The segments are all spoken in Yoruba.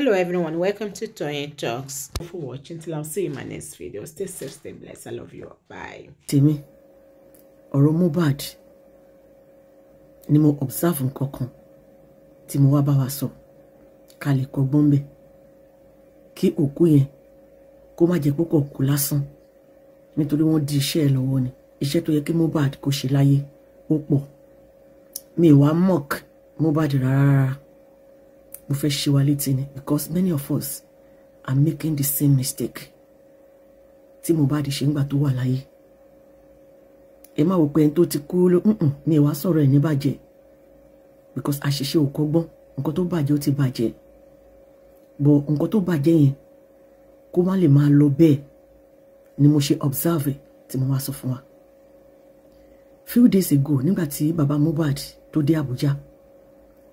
hello everyone welcome to Toyin Talks Thank you for watching till I see you in my next video stay safe stay blessed i love you bye. Timi, ọ̀rọ̀ Mohbad ni mo observe nǹkan kan tí mo wá bá wa sọ ká lè kọ́gbọ́n bẹ̀ kí òkú yẹn kó má jẹ́ pọ́kọ̀ kú lásán nítorí wọ́n di iṣẹ́ ẹ̀ lọ́wọ́ ni iṣẹ́ tó yẹ kí Mohbad kó ṣe láyé ó pọ̀ mi ò wá mock Mohbad rárá rárá mo fẹ́ ṣe wa létí ni because many of us are making the same mistake tí Mohbad ṣe ń gbà tó wà láyé ẹ má wò pé ẹni tó ti kú ló mi ì sọ̀rọ̀ ẹ̀ ní bàjẹ́ because àṣìṣe ò kọ́gbọ́n nǹkan tó bàjẹ́ ó ti bàjẹ́ bọ̀ nǹkan tó bàjẹ́ yẹn kó má lè máa lọ bẹ́ẹ̀ ni mo ṣe observe tí mo wá sọ fún wa few days ago nígbà tí baba Mohbad tó dé Abuja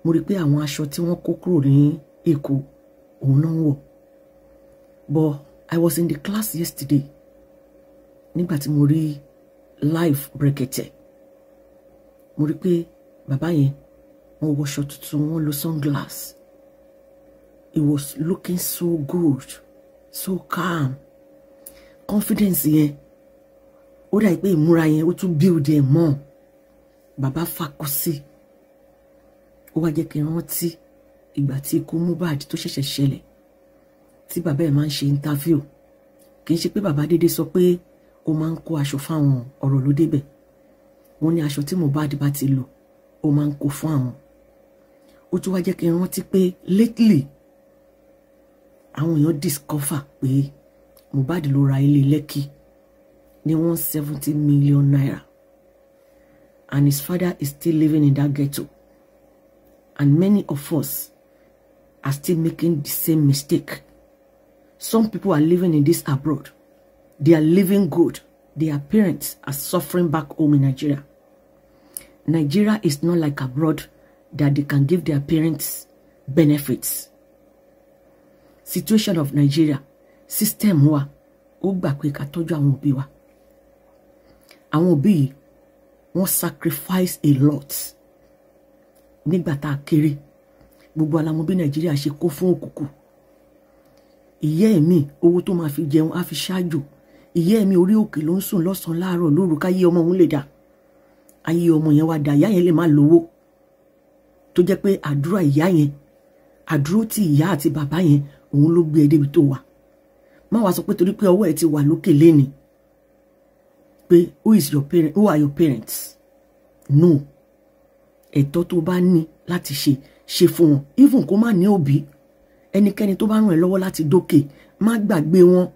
mo rí i pé àwọn aṣọ tí wọ́n kó kúrò ní èkó òun náà ń wọ̀ but I was in the class yesterday nígbà tí mo rí live brekete mo rí i pé bàbá yẹn wọ́n wọṣọ tuntun wọ́n lo sunglass he was looking so good so calm confidence yẹn ó dà pé ìmúra yẹn ó tún build ẹ̀ mọ́ bàbá fakọ sí i ó wá jẹ́ kí n rántí ìgbà tí ikú Mohbad tó ṣẹ̀ṣẹ̀ ṣẹlẹ̀ tí bàbá ẹ̀ máa ń ṣe interview kì í ṣe pé bàbá dédé sọ pé ó máa ń kó aṣọ fáwọn ọ̀rọ̀ ló débẹ̀ wọ́n ní aṣọ tí Mohbad bá ti lò ó máa ń kó fún àwọn ó tún wá jẹ́ kí n rántí pé lately àwọn èèyàn discover pé Mohbad ló ra ilé Lekki ní one seventy million naira and his father is still living in that ghetto And many of us are still making the same mistake. Some people are living in this abroad. They are living good. Their parents are suffering back home in Nigeria. Nigeria is not like abroad that they can give their parents benefits. Situation of Nigeria, system wa, ó gbà pé ká tọ́jú àwọn òbí wa. Àwọn òbí yìí, sacrifice a lot nígbà tá a kéré gbogbo alamọ bí nàìjíríà ṣe kó fún òkùnkùn ìyá ẹ̀ mi owó tó máa fi jẹun á fi ṣáájò ìyá ẹ̀ mi orí òkè ló ń sùn lọ́sàn-án láàárọ̀ lóru káyé ọmọ òun lè dà ayé ọmọ yẹn wá dà ìyá yẹn lè má lówó tó jẹ́ pé àdúrà ìyá yẹn àdúró tí ìyá àti bàbá yẹn òun ló gbé ẹ e tó wà má wàá sọ pé torí pé ọwọ́ ẹ ti wà lókè lénìí pé who is your parent who are your parents no ẹ̀tọ́ tó bá ní láti ṣe ṣe fún wọn even kó má ní òbí ẹnikẹ́ni tó bá ràn ẹ́ lọ́wọ́ láti dókè má gbàgbé wọn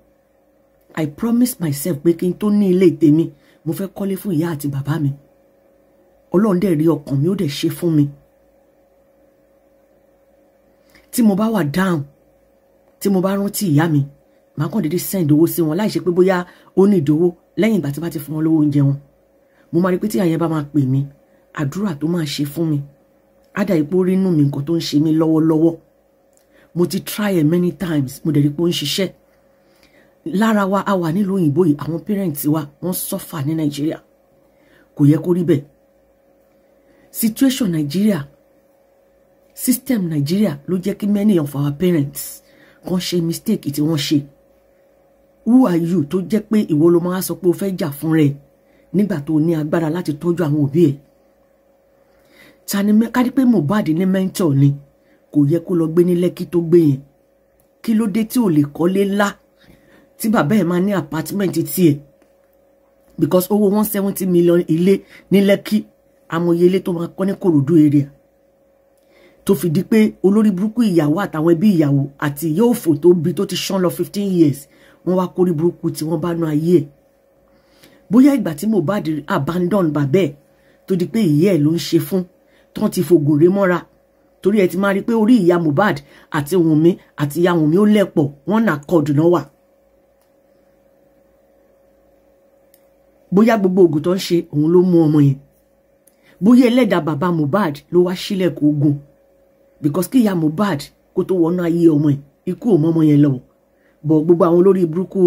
i promise myself pé kí n tó ní ilé tèmi mo fẹ́ kọ́lé fún ìyá àti bàbá mi ọlọ́run dẹ̀ rí ọkàn mi ó dẹ̀ ṣe fún mi tí mo bá wà down tí mo bá rántí ìyá mi màá kàn déédéé send owó sí wọn láì ṣe pé bóyá ó ní ìdówó lẹ́yìn ìgbà tí bá ti fún wọn lówó oúnjẹ wọn mo máa rí pé tí àyẹ̀ bá máa pè mí àdúrà tó máa ṣe fún mi ádà ipò rí inú mi nǹkan tó ń ṣe mí lọ́wọ́lọ́wọ́ mo ti try it many times mo dẹ̀ rí pé ó ń ṣiṣẹ́ lára wa a wà nílùú òyìnbó yìí àwọn parents wa wọ́n sọ́fà ní nàìjíríà kò yẹ kó rí bẹ́ẹ̀ situation nàìjíríà system nàìjíríà ló jẹ́ kí many of our parents kan ṣe mistake tí wọ́n ṣe who are you tó jẹ́ pé ìwọ ló máa sọ pé o fẹ́ jà fún rẹ nígbà tó ní agbára láti tọ́jú àwọn òbí ẹ̀ ta ni kárí pé Mohbad ní mentor ni kò yẹ kó lọ gbé ní Lẹ́kì tó gbé yẹn kí ló dé tí ò lè kọ́lé ńlá tí bàbá ẹ̀ máa ní apartment tiẹ̀ because owó one seventy million ilé ní Lẹ́kì amòye ilé tó máa kọ́ ní Kòròdú area tó fi di pé olórí burúkú ìyàwó àtàwọn ẹbí ìyàwó àti ìyá òfò tó bí tó ti ṣán lọ fifteen years wọ́n wá kórí burúkú tí wọ́n bá nu ayé ẹ̀ bóyá ìgbà tí Mohbad abandon bàbá ẹ̀ tó di pé ìyá ẹ̀ ló ń ṣe fún tán ti fògùn ré mọ́ra torí ẹ ti máa rí i pé orí ìyá Mohbad àti Wùnmí àti ìyá Wùnmí ó lẹ̀pọ̀ wọ́n nà kọ́ọ̀dù náà wà. bóyá gbogbo oògùn tó ń ṣe òun ló mú ọmọ yẹn bóyá ẹlẹ́dàá bàbá Mohbad ló wá sílẹ̀kùn ogun because kí ìyá Mohbad kó tó wọnú ayé ọmọ yẹn ikú ò mọ ọmọ yẹn lọ́wọ́ bọ̀ gbogbo àwọn olórí burúkú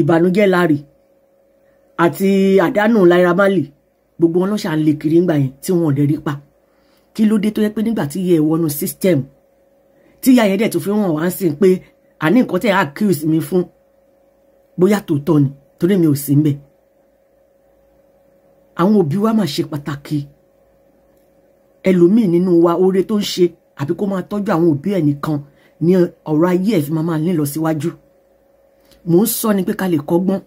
ìbànújẹ́ lárí àti àdánù Naira Marley gbogbo wọn lọ́ṣà ń lè kiri ńgbà yẹn tí wọn ò lè rí pa kí ló dé tó yẹ pé nígbà tí ìyá ẹ wọnú system tí ìyá yẹn dẹ̀ tó fi hàn wá sí pé àní nǹkan tẹ̀ accuse mi fún bóyá tòótọ́ ni torí mi ò sí ń bẹ̀ àwọn òbí wa máa ṣe pàtàkì ẹlòmíì nínú wa oore tó ń ṣe àbí kó máa tọ́jú àwọn òbí ẹ̀ nìkan ní ọ̀rọ̀ ayé ẹ̀ fi máa máa nílọsíwájú mò ń sọ ni pé ká lè kọ́gbọ́n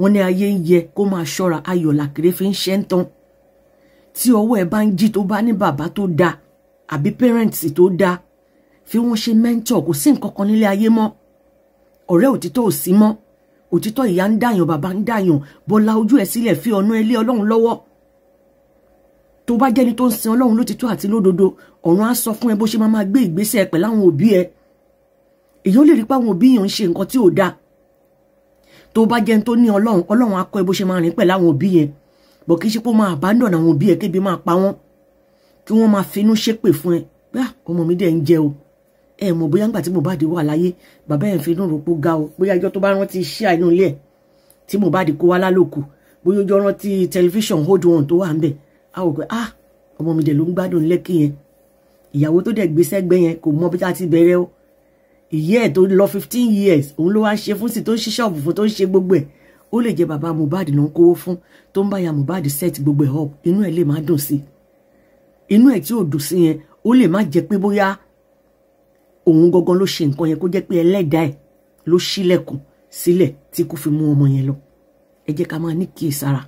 wọ́n ní ayé ń yẹ kó máa ṣọ́ra ayọ̀ làkèrè fi ń ṣẹ́ ń tán tí ọwọ́ ẹ bá ń jí tó bá ní bàbá tó dáa àbí pẹ́rẹ́ǹtì tó dáa fi wọ́n ṣe mẹ́ńtọ̀ kò sí nǹkan kan nílé ayé mọ́ ọ̀rẹ́ òtítọ́ ò sí mọ́ òtítọ́ ìyá ń dàyàn bàbá ń dàyàn bọ́lá ojú ẹ̀ sílẹ̀ fi ọ̀nà ilé ọlọ́run lọ́wọ́ tó bá jẹ́ni tó ń sin ọlọ́run lótìtọ́ àti lódodo ọ̀run á sọ fún ẹ bó ṣe máa máa gbé ìgbésẹ̀ pẹ̀lú àwọn òbí ẹ èyí ó lè rí pé àwọn òbí yàn ń ṣe nǹkan tí ò dáa tó bá jẹ́ tó ní ọlọ́run ọlọ́run akọ ẹ bó ṣe máa rìn pẹ̀lú àwọn òbí yẹn bọ̀ kí sípò máa abandon àwọn òbí ẹ kébi máa pa wọ́n kí wọ́n máa finú ṣépè fún ẹ pé ah, ọmọ mi dẹ̀ ń jẹ o ẹ mọ̀ bóyá ńgbà tí Mohbad wà láyé bàbá ẹ̀ ń finú rògbò ga o bóyá ọjọ́ tó bá rántí iṣẹ́ àìnú ilé ẹ̀ tí Mohbad kó wá lálòkù bóyá ọjọ́ rántí tẹlifíṣàn hold on tó wà ń bẹ̀ a ò pé ah ọmọ mi dẹ̀ ló ń gbádùn lẹ́kì yẹn ìyàwó tó dẹ̀ gbé sẹ́gbẹ́ yẹn kò mọ bí tá ti bẹ̀rẹ̀ o ìyá ẹ̀ tó lọ fifteen years òun ló wá ń ṣe fún sí tó ń ṣí ṣọ́ọ̀bù fún tó ń ṣe gbogbo ẹ̀ ó lè jẹ́ bàbá Mohbad ló ń kówó fún tó ń bá ya Mohbad set gbogbo ẹ̀ up inú ẹ̀ lè má dùn sí inú ẹ̀ tí ò dùn sí yẹn ó lè má jẹ́ pé bóyá òun gangan ló ṣe nǹkan yẹn kó jẹ́ pé ẹlẹ́dàá ẹ̀ ló ṣílẹ̀kùn sílẹ̀ tí kò fi mú ọmọ yẹn lọ ẹ jẹ́ ká máa ní kíyèsára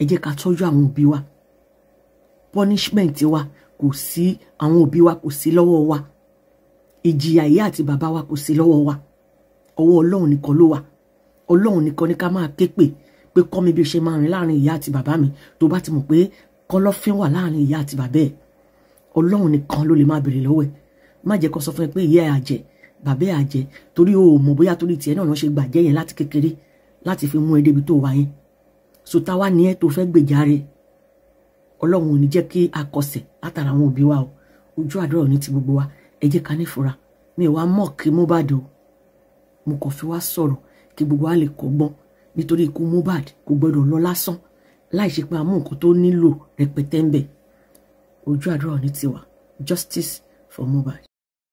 ẹ jẹ́ ká tọ́jú àwọn òbí wa punishment wa kò sí àwọn òbí wa kò sí lọ́wọ́ wa ìjìyà ìyá àti bàbá wa kò sí lọ́wọ́ wa ọwọ́ ọlọ́run nìkan ló wà ọlọ́run nìkan ní ká máa ké pè pé kọ́ mi bí ṣe máa rìn láàrin ìyá àti bàbá mi tó bá ti mọ̀ pé kọ́lọ́fín wà láàrin ìyá àti bàbá ẹ̀ ọlọ́run nìkan ló lè máa bèrè lọ́wọ́ ẹ̀ má jẹ́ kó sọ fún ẹ pé ìyá ẹ̀ àjẹ́ bàbá ẹ̀ àjẹ́ torí o ò mọ̀ bóyá torí tiẹ̀ náà lọ́ ṣe gbàjẹ́ yẹn láti kékeré láti fi mú ẹ débi tó wà yẹn sòtá wá ní ẹ tó fẹ́ gbèjà rẹ ọlọ́run ò ní jẹ́ kí a kọsẹ̀ látara àwọn òbí wa o ojú àdúrà ò ní ti gbogbo wa ẹ jẹ́ ká nífura mi wá mọ̀ kí Mohbad o mo kàn fi wá sọ̀rọ̀ kí gbogbo wa lè kọ́gbọ́n nítorí ikú Mohbad kò gbọ́dọ̀ lọ lásán láì ṣe pé a mú nǹkan tó nílò rẹpẹtẹ ń bẹ ojú àdúrà ní tiwa justice for Mohbad.